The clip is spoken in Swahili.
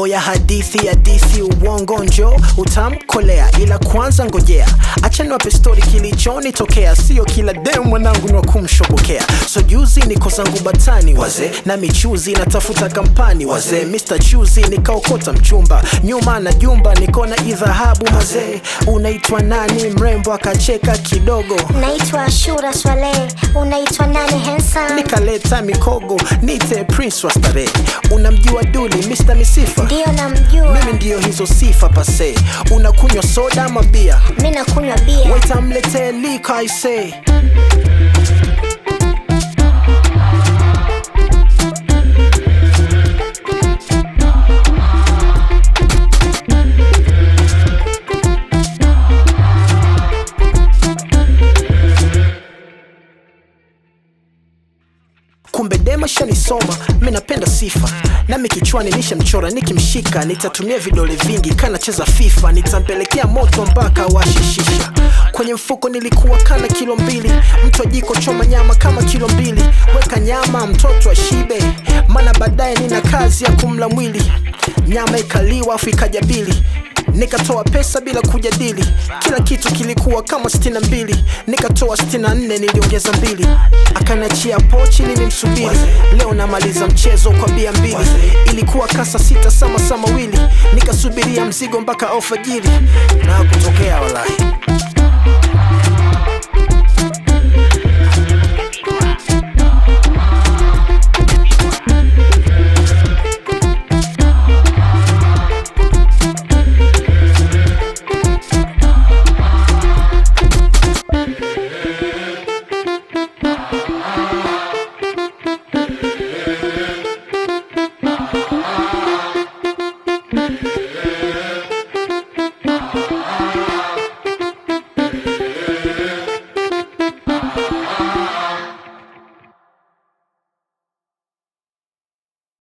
oya, oh, hadithi hadithi, uongo njo utamkolea, ila kwanza ngojea, acha niwape stori kilichonitokea. Sio kila demu mwanangu ni wa kumshobokea, so juzi niko zangu batani waze na michuzi natafuta kampani waze Mr chuzi nikaokota mchumba, nyuma na jumba nikona idhahabu mazee. Unaitwa nani? Mrembo akacheka kidogo, naitwa Shura Swale. Unaitwa nani? hensa Nikaleta mikogo nite Prince wa starehe, unamjua Duli Mr Misifa ndio namjua mimi, ndio hizo sifa pase. Unakunywa soda ama bia? Mimi nakunywa bia. Waita mletee lika aisee kumbe dema shanisoma. Mi napenda sifa nami kichwani nishamchora, nikimshika nitatumia vidole vingi, kanacheza FIFA nitampelekea moto mpaka washishisha. Kwenye mfuko nilikuwa kana kilo mbili, mtu ajiko choma nyama kama kilo mbili, weka nyama mtoto ashibe, mana baadaye nina kazi ya kumla mwili, nyama ikaliwa afu ikajabili nikatoa pesa bila kujadili, kila kitu kilikuwa kama sitini mbili, nikatoa sitini nne niliongeza mbili, akanachia pochi nimemsubiri. Leo namaliza mchezo kwa bia mbili, ilikuwa kasa sita sama sama wili, nikasubiria mzigo mpaka alfajiri na kutokea walai